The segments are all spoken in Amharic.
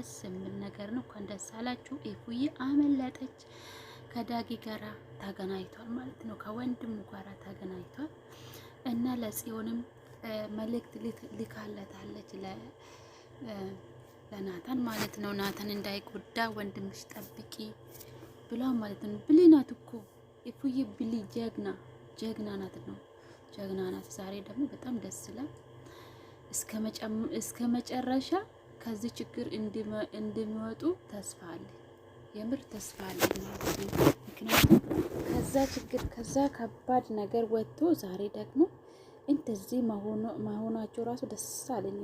ደስ የሚል ነገር ነው። እንኳን ደስ አላችሁ። ኤፉዬ አመለጠች። ከዳጊ ጋራ ተገናኝቷል ማለት ነው። ከወንድሙ ጋራ ተገናኝቷል እና ለጽዮንም መልእክት ልካለታለች ለናታን ማለት ነው። ናታን እንዳይጎዳ ወንድምሽ ጠብቂ ብሏ ማለት ነው። ብሌናት እኮ ኤፉዬ ብሊ ጀግና ጀግና ናት ነው ጀግና ናት። ዛሬ ደግሞ በጣም ደስ ይላል እስከ መጨረሻ ከዚህ ችግር እንደሚወጡ ተስፋ አለ። የምር ተስፋ አለ ማለት ነው። ምክንያቱም ከዛ ችግር ከዛ ከባድ ነገር ወጥቶ ዛሬ ደግሞ እንደዚህ መሆናቸው ራሱ ደስ አለኝ።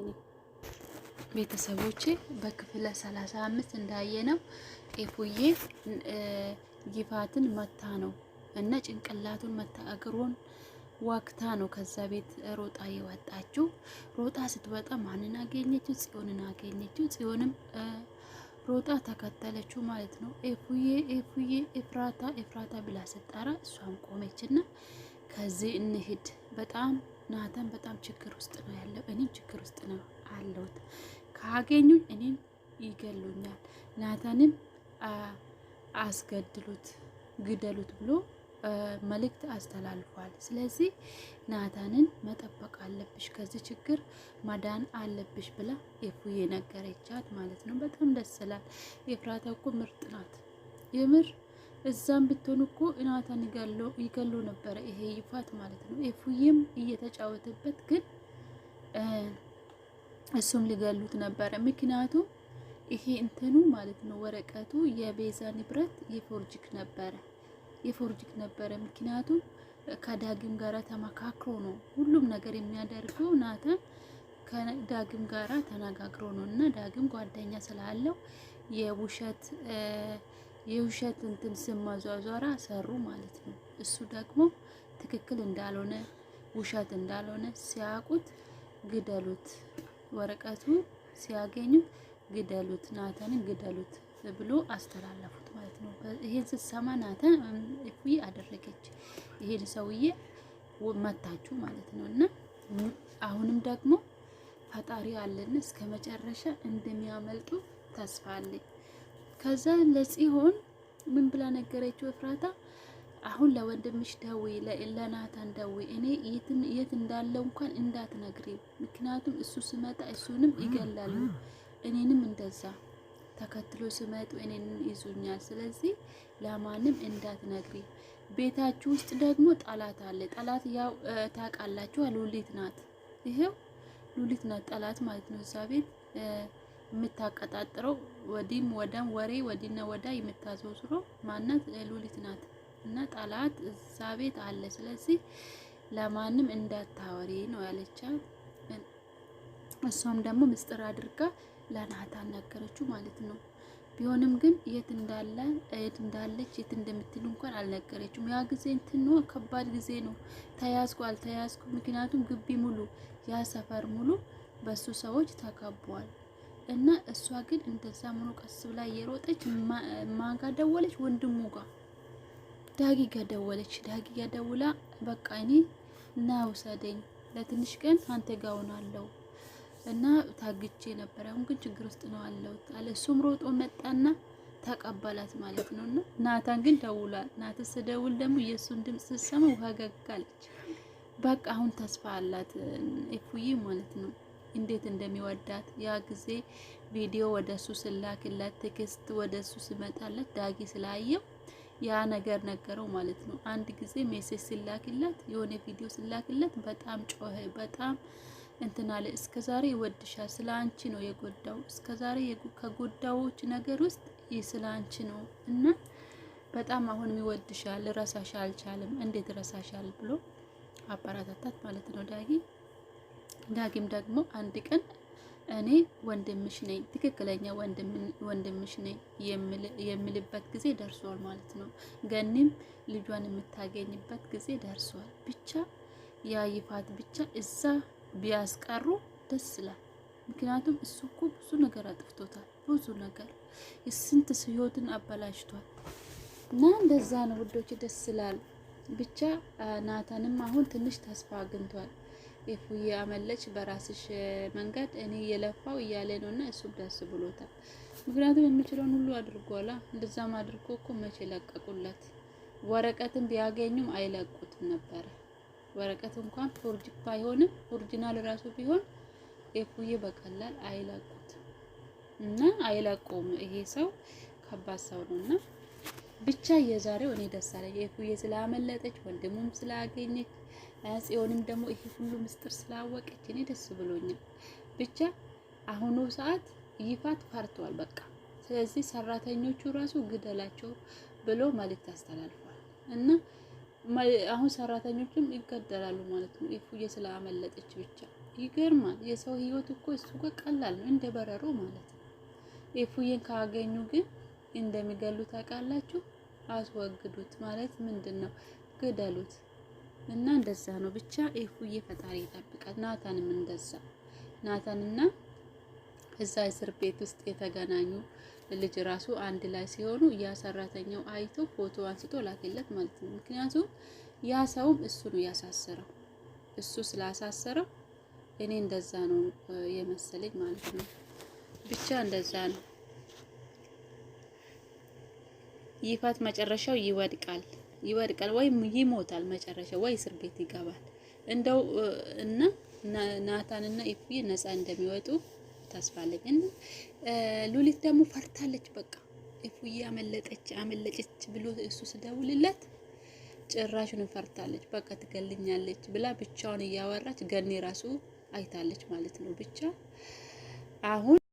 ቤተሰቦች በክፍለ ሰላሳ አምስት ነው ኤፉዬ ይፋትን መታ ነው እና ጭንቅላቱን መታ እግሩን ዋክታ ነው ከዛ ቤት ሮጣ የወጣችው። ሮጣ ስትወጣ ማንን አገኘችው? ጽዮንን አገኘችው። ጽዮንም ሮጣ ተከተለችው ማለት ነው። ኤፉዬ ኤፉዬ ኤፍራታ ኤፍራታ ብላ ስጠራ እሷም ቆመችና ከዚህ እንሂድ በጣም ናተን በጣም ችግር ውስጥ ነው ያለው። እኔም ችግር ውስጥ ነው አለሁት። ካገኙኝ እኔም ይገሉኛል። ናተንም አስገድሉት ግደሉት ብሎ መልእክት አስተላልፏል። ስለዚህ ናታንን መጠበቅ አለብሽ፣ ከዚህ ችግር ማዳን አለብሽ ብላ ኤፉዬ ነገረቻት ማለት ነው። በጣም ደስ ይላል። ኤፍራታ እኮ ምርጥ ናት የምር እዛም ብትሆን እኮ ናታን ይገሎ ነበረ። ይሄ ይፋት ማለት ነው። ኤፉዬም እየተጫወተበት ግን እሱም ሊገሉት ነበረ። ምክንያቱም ይሄ እንትኑ ማለት ነው ወረቀቱ የቤዛ ንብረት የፎርጅክ ነበረ። የፎርጅክ ነበረ። ምክንያቱም ከዳግም ጋራ ተመካክሮ ነው ሁሉም ነገር የሚያደርገው። ናተን ከዳግም ጋራ ተነጋግሮ ነው እና ዳግም ጓደኛ ስላለው የውሸት የውሸት እንትን ስም ማዟዟራ ሰሩ ማለት ነው። እሱ ደግሞ ትክክል እንዳልሆነ ውሸት እንዳልሆነ ሲያውቁት ግደሉት፣ ወረቀቱ ሲያገኙት ግደሉት፣ ናተንን ግደሉት ብሎ አስተላለፉት ማለት ነው። ይሄን ስትሰማ ናተ እኩይ አደረገች። ይሄን ሰውዬ መታችሁ ማለት ነው። እና አሁንም ደግሞ ፈጣሪ አለን እስከ መጨረሻ እንደሚያመልጡ ተስፋ አለኝ። ከዛ ለጽሆን ምን ብላ ነገረችው? እፍራታ አሁን ለወንድምሽ ደዌ ለናታን ደውይ። እኔ የት እንዳለው እንኳን እንዳትነግሪ፣ ምክንያቱም እሱ ስመጣ እሱንም ይገላሉ፣ እኔንም እንደዛ ተከትሎ ሲመጡ እኔን ይዙኛል። ስለዚህ ለማንም እንዳትነግሪ። ቤታችሁ ውስጥ ደግሞ ጠላት አለ። ጠላት ያው ታውቃላችሁ፣ ሉሊት ናት። ይሄው ሉሊት ናት ጠላት ማለት ነው። እዛ ቤት የምታቀጣጥረው ወዲም ወደም ወሬ ወዲና ወዳ የምታዘውዝረው ማናት? ሉሊት ናት። እና ጠላት እዛ ቤት አለ። ስለዚህ ለማንም እንዳታወሪ ነው ያለቻት። እሷም ደግሞ ምስጢር አድርጋ ለናታን ነገረችው ማለት ነው። ቢሆንም ግን የት እንዳለ እድ እንዳለች የት እንደምትል እንኳን አልነገረችም። ያ ጊዜ እንትን ከባድ ጊዜ ነው። ተያዝኩ አልተያዝኩ፣ ምክንያቱም ግቢ ሙሉ ያ ሰፈር ሙሉ በሱ ሰዎች ተከቧል። እና እሷ ግን እንደዛ ምኑ ቀስ ብላ እየሮጠች ማጋደወለች ደወለች? ወንድሙ ጋር ዳጊ ጋር ደወለች። ዳጊ ጋር ደውላ በቃ እኔ ና ውሰደኝ ለትንሽ ቀን አንተ ጋር እና ታግቼ ነበር አሁን ግን ችግር ውስጥ ነው አለሁት አለ። እሱም ሮጦ መጣና ተቀበላት ማለት ነው። እና ናታን ግን ደውሏል። ናትስ ደውል ደግሞ የእሱን ድምፅ ስሰማ ውሃ ገጋለች። በቃ አሁን ተስፋ አላት እኩይ ማለት ነው። እንዴት እንደሚወዳት ያ ጊዜ ቪዲዮ ወደ እሱ ስላክላት ቴክስት ወደ እሱ ስመጣላት ዳጊ ስላየው ያ ነገር ነገረው ማለት ነው። አንድ ጊዜ ሜሴጅ ስላክላት የሆነ ቪዲዮ ስላክላት በጣም ጮኸ በጣም እንትን አለ። እስከ ዛሬ ይወድሻል፣ ስለ አንቺ ነው የጎዳው። እስከ ዛሬ ከጎዳዎች ነገር ውስጥ ይህ ስለ አንቺ ነው እና በጣም አሁንም ይወድሻል፣ ረሳሽ አልቻለም። እንዴት ረሳሻል ብሎ አበረታታት ማለት ነው ዳጊ። ዳጊም ደግሞ አንድ ቀን እኔ ወንድምሽ ነኝ፣ ትክክለኛ ወንድምሽ ነኝ የምልበት ጊዜ ደርሷል ማለት ነው። ገኒም ልጇን የምታገኝበት ጊዜ ደርሷል። ብቻ ያ ይፋት ብቻ እዛ ቢያስቀሩ ደስ ይላል። ምክንያቱም እሱ እኮ ብዙ ነገር አጥፍቶታል። ብዙ ነገር የስንት ህይወትን አበላሽቷል። እና እንደዛ ነው ውዶች፣ ደስ ይላል። ብቻ ናታንም አሁን ትንሽ ተስፋ አግኝቷል። ኤፉዬ አመለች በራስሽ መንገድ እኔ እየለፋው እያለ ነው እና እሱም ደስ ብሎታል። ምክንያቱም የምችለውን ሁሉ አድርጓላ። እንደዛም አድርጎ እኮ መቼ ለቀቁለት? ወረቀትን ቢያገኙም አይለቁትም ነበረ። ወረቀት እንኳን ፎርጅ ባይሆንም ኦሪጂናል ራሱ ቢሆን ኤፉዬ በቀላል አይላቁት እና አይለቁም። ይሄ ሰው ከባድ ሰው ነው እና ብቻ የዛሬው እኔ ደስ አለኝ ኤፉዬ ስላመለጠች፣ ወንድሙም ስላገኘች፣ ጽዮንም ደግሞ ይሄ ሁሉ ምስጢር ስላወቀች እኔ ደስ ብሎኛል። ብቻ አሁኑ ሰዓት ይፋት ፈርቷል በቃ ስለዚህ ሰራተኞቹ ራሱ ግደላቸው ብሎ መልእክት አስተላልፏል እና አሁን ሰራተኞቹም ይገደላሉ ማለት ነው። ኢፉዬ ስለአመለጠች ብቻ ይገርማል። የሰው ህይወት እኮ እሱ ጋር ቀላል ነው፣ እንደ በረሮ ማለት ነው። እፉዬን ካገኙ ግን እንደሚገሉ ታውቃላችሁ። አስወግዱት ማለት ምንድን ነው? ግደሉት እና እንደዛ ነው ብቻ። እፉዬ ፈጣሪ ይጠብቃል። ናታንም እንደዛ ናታንና እዛ እስር ቤት ውስጥ የተገናኙ ልጅ ራሱ አንድ ላይ ሲሆኑ ያ ሰራተኛው አይቶ ፎቶ አንስቶ ላከለት ማለት ነው። ምክንያቱም ያ ሰውም እሱ ነው ያሳሰረው። እሱ ስላሳሰረው እኔ እንደዛ ነው የመሰለኝ ማለት ነው። ብቻ እንደዛ ነው። ይፋት መጨረሻው ይወድቃል ይወድቃል ወይም ይሞታል። መጨረሻው ወይ እስር ቤት ይገባል። እንደው እና ናታንና ኢፍዬ ነፃ እንደሚወጡ ተስፋ አለኝ። እና ሉሊት ደግሞ ፈርታለች። በቃ እፉዬ አመለጠች አመለጨች ብሎ እሱ ስደውልለት ጭራሹን ፈርታለች። በቃ ትገልኛለች ብላ ብቻውን እያወራች ገኔ ራሱ አይታለች ማለት ነው ብቻ አሁን